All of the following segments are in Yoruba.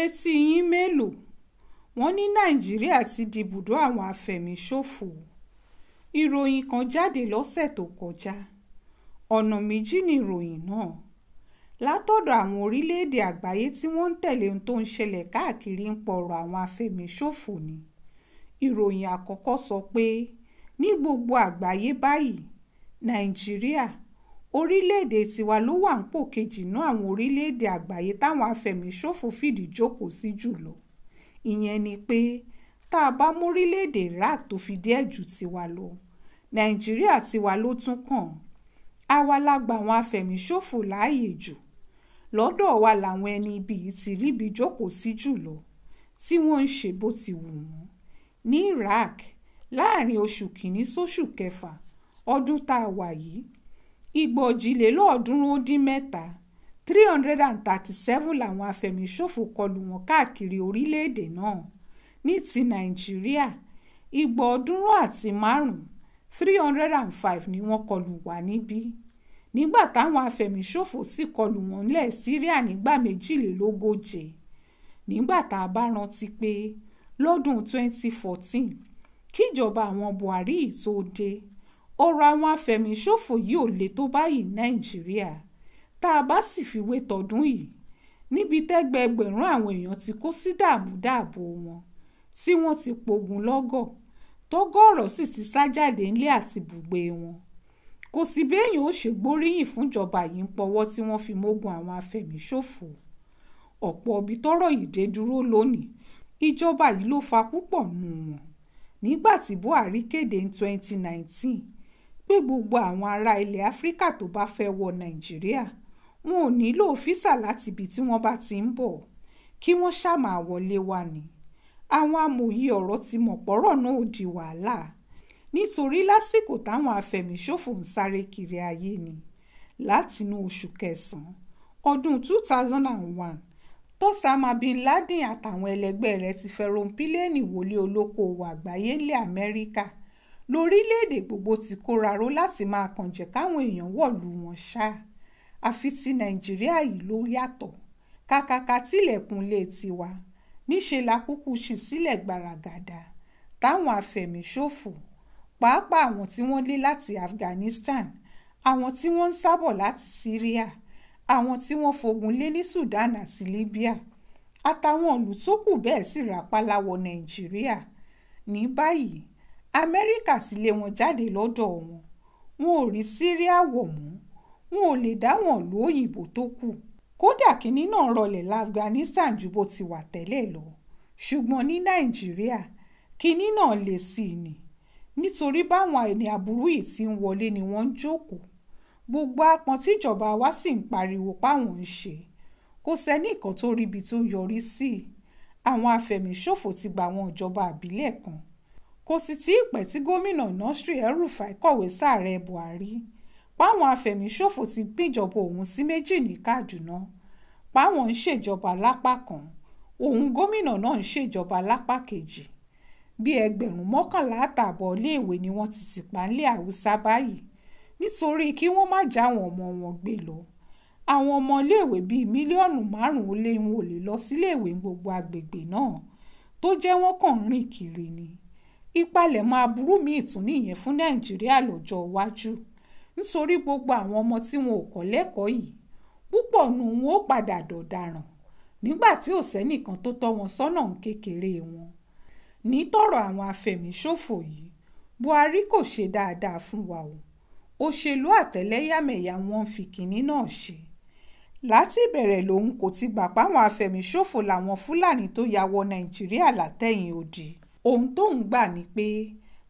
etí yín mélòó wọ́n ní nàìjíríà ti di ibùdó àwọn afẹ̀míṣòfò ìròyìn kan jáde lọ́sẹ̀ tó kọjá ọ̀nà méjì ni ìròyìn náà látọ̀dọ̀ àwọn orílẹ̀-èdè àgbáyé tí wọ́n ń tẹ̀lé ohun tó ń ṣẹlẹ̀ káàkiri ń pọ̀rọ̀ àwọn afẹ̀míṣòfò ni ìròyìn àkọ́kọ́ sọ pé ní gbogbo àgbáyé báyìí nàìjíríà orílẹ̀-èdè tiwa ló wà nípò kejì nínú àwọn orílẹ̀-èdè àgbáyé táwọn afẹ̀míṣòfò fìdí jókòó sí jùlọ ìyẹn ni pé tá a bá mórílẹ̀-èdè iraq tó fi díẹ̀ jù tiwa lọ nàìjíríà tiwa ló tún kàn àwa la gba àwọn afẹ̀míṣòfò láàyè jù lọ́dọ̀ wa làwọn ẹni ibi yìí ti ríbi jókòó sí jùlọ tí wọ́n ń ṣe bó ti wù wọ́n ní iraq láàrin oṣù kìíní sóṣù kẹfà ọdún tá a wà yìí ìgbà òjìlélọ́ọ̀ọ́dúnrún-ún-dín-mẹ́ta three hundred and thirty-seven làwọn afẹ̀míṣòfò kọlù wọ́n káàkiri orílẹ̀‐èdè náà ní ti nàìjíríà ìgbà ọ̀ọ́dúnrún àti márùn-ún three hundred and five ni wọ́n kọlù wá níbí nígbà táwọn afẹ̀míṣòfò sì kọlù wọ́n nílẹ̀ síríà nígbà méjìlélógóje nígbà tá a bá rántí pé lọ́dún twenty fourteen kíjọba àwọn buhari yìí tó dé ọ̀rọ̀ àwọn àfẹ̀míṣòfò yìí ò le tó báyìí nàìjíríà tá a bá sì fi wé tọdún yìí níbi tẹ́gbẹẹgbẹ̀rún àwọn èèyàn ti kó sí dààmúdààbò wọn tí wọ́n ti pogun lọ́gọ̀ tọ́gọ́rọ̀ sì ti sá jáde nílé àti bùgbé wọn kò sí béèyàn ó ṣe gbóríyìn fúnjọba yìí ń pọwọ́ tí wọ́n fi mógun àwọn afẹ̀míṣòfò ọ̀pọ̀ ibi tọ́rọ̀ yìí dé dúró lónìí ìjọba yìí ló fa púpọ̀ nù wọn nígbà tí Buhari kéde ní 2019 pé gbogbo àwọn ará ilẹ̀ áfíríkà tó bá fẹ́ wọ nàìjíríà wọn ò nílò físà láti ibi tí wọ́n bá ti ń bọ̀ kí wọ́n ṣàmà wọlé wá ni àwọn amòye ọ̀rọ̀ ti mọ̀ pọ́rọ̀ náà ò di wàhálà nítorí lásìkò táwọn afẹ̀míṣòfò ń sáré kiri ayé ni látinú oṣù kẹsàn-án ọdún 2001 tọ́sàmà bin Laden àtàwọn ẹlẹgbẹ́ rẹ̀ ti fẹ̀rọ̀n pílẹ́ẹ̀nì wọlé olókoòwò àgbáyé ilẹ̀ amẹ́ríkà lórílẹ̀‐èdè gbogbo ti kóraró láti máa kànjẹ́ káwọn èèyàn wọ̀lú wọn ṣáá àfi ti nàìjíríà yìí ló yàtọ̀ kàkàkà tilẹ̀kùnlé tiwa níṣẹ́ la kúkú ṣí sílẹ̀ gbaragada táwọn afẹ̀míṣòfò pàápàá àwọn tí wọ́n lé láti Afghanistan àwọn tí wọ́n ń sábọ̀ láti Syria àwọn tí wọ́n fogun lé ní Sudan àti Libya àtàwọn ìlú tó kù bẹ́ẹ̀ sì rápálá wọ Nàìjíríà ní báyìí amẹ́ríkà sì lé wọn jáde lọ́dọ̀ wọn wọn ò rí síríà wọ̀ mọ́ wọn ò lè dá wọn lu òyìnbó tó kù kódà kínní náà rọlẹ̀ láfghanistan ju bó ti wà tẹ́lẹ̀ lọ ṣùgbọ́n ní nàìjíríà kínní náà lè sí i ni nítorí báwọn ẹni aburú yìí ti ń wọlé ni wọ́n ń jókòó gbogbo apọn tíjọba wa sì ń pariwo páwọn ń ṣe kò sẹ́nìkan tó ríbi tó yọrí sí i àwọn afẹ̀míṣòfò ti gba àwọn ìjọba àbílẹ̀ kan kò sì tí ì pẹ́ tí gómìnà nasir el-rufai kọ̀wé sáàrẹ̀ buhari páwọn afẹ̀míṣòfò ti gbìjọba òun sí méjì ní kaduna páwọn ń ṣèjọba lápá kan òun gómìnà náà ń ṣèjọba lápá kejì bíi ẹgbẹ̀rún mọ́kànlá àtààbọ̀ iléèwé ni wọ́n ti tìpa nílẹ̀ haúsá báyìí nítorí kí wọ́n má já àwọn ọmọ wọn gbé lọ àwọn ọmọ iléèwé bíi mílíọ̀nù márùn-ún lé wọn ò lè lọ síléèwé gbogbo àgbègbè náà tó jẹ́ wọ́n kàn ń rìn kiri ni ìpalẹ̀mọ́ aburú míì tún nìyẹn fún nàìjíríà lọ́jọ́ iwájú nítorí gbogbo àwọn ọmọ tí wọn ò kọ́ lẹ́kọ̀ọ́ yìí púpọ̀ nù wọn ó padà dọ̀daràn nígbà tí ò sẹ́nìkan tó tọ́ wọn sọ́nà ń kékeré wọn ní tọ̀rọ̀ àwọn afẹ̀míṣòfò yìí buhari kò ṣe dáadáa fún wa o òṣèlú àtẹ̀lẹ́yàmẹ̀yà wọn fi kínní náà ṣe láti ìbẹ̀rẹ̀ lòun kò ti gbà páwọn afẹ̀míṣòfò làwọn fúlàní tó ya wọ nàìjíríà látẹ̀yìn odi ohun tóun gbà ni pé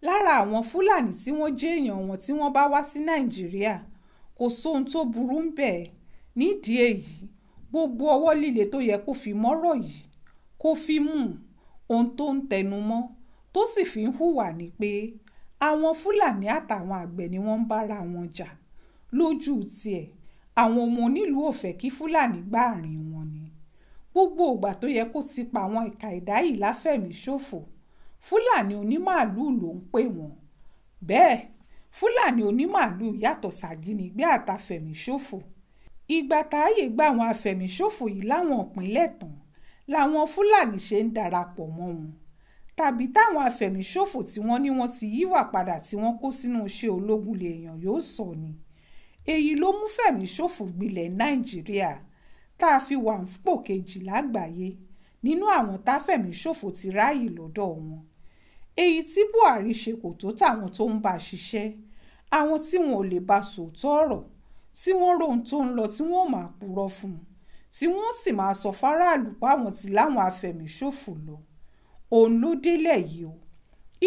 lára àwọn fúlàní tí wọ́n jẹ́ èèyàn wọn tí wọ́n bá wá sí nàìjíríà kò sóhun tó burú ń bẹ̀ nídìí èyí gbogbo ọwọ́ líle tó yẹ kó fi mọ́rọ̀ yìí kó fi mú ohun tó ń tẹnu mọ́ tó sì fi ń hùwà ni pé àwọn fúlàní àtàwọn àgbẹ̀ ni wọ́n ń bára wọn jà lójú tiẹ̀ àwọn ọmọ onílùú ò kí fúlàní gbáàrin wọn ni gbogbo ìgbà tó yẹ kó ti pa àwọn ìka ẹ̀dá yìí láfẹ̀mí ṣòfò fúlàní onímàálùú ló ń pè wọ́n bẹ́ẹ̀ fúlàní onímàálùú yàtọ̀ sàjínigbé àtàfẹ̀míṣòfò ìgbà táàyè gba àwọn afẹ̀míṣòfò yìí láwọn ìpínlẹ̀ tán làwọn fúlàní ṣe ń darapọ̀ mọ́ wọn tàbí táwọn afẹ̀míṣòfò tí wọ́n ní wọ́n ti yíwà padà tí wọ́n kó sínú iṣẹ́ ológun lèèyàn yóò sọ ni èyí ló mú fẹ̀míṣòfò gbilẹ̀ nàìjíríà tá a fi wà ń pò kejì lágbàáyé nínú àwọn táfẹ̀míṣòfò ti ráàyè lọ́dọ̀ wọn èyí tí buhari ṣe kò tó tàwọn tó ń bá a ṣiṣẹ́ àwọn tí wọn ò lè bá sòótọ́ ọ̀rọ̀ tí wọ́n rohun tó ń lọ tí wọ́n máa purọ́ fún un tí wọ́n sì máa sọ fáráàlú páwọn ti láwọn afẹ̀míṣòfò lọ òun ló délẹ̀ yìí o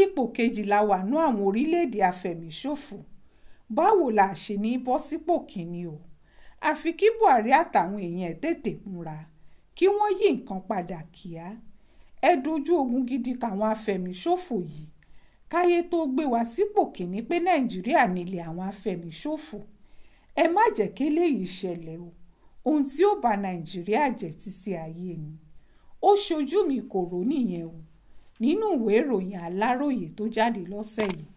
ipò kejìlá wà nú àwọn orílẹ̀-èdè afẹ̀míṣòfò báwo la ṣe ní bọ́ sípò kìíní o àfi kí buhari àtàwọn èèyàn ẹ̀ tètè múra kí wọ́n yí nǹkan padà kíá ẹ dojú ogun gidi káwọn afẹ̀míṣòfò yìí káyé tó gbé wá sípò kìíní pé nàìjíríà nílẹ̀ àwọn afẹ̀míṣòfò ẹ má jẹ́ kí eléyìí ṣẹlẹ̀ o ohun tí ó bà nàìjíríà jẹ́ títí ayé ni ó ṣojú mi kò rò nìyẹn o nínú ìwé ìròyìn aláròye tó jáde lọ́sẹ̀ yìí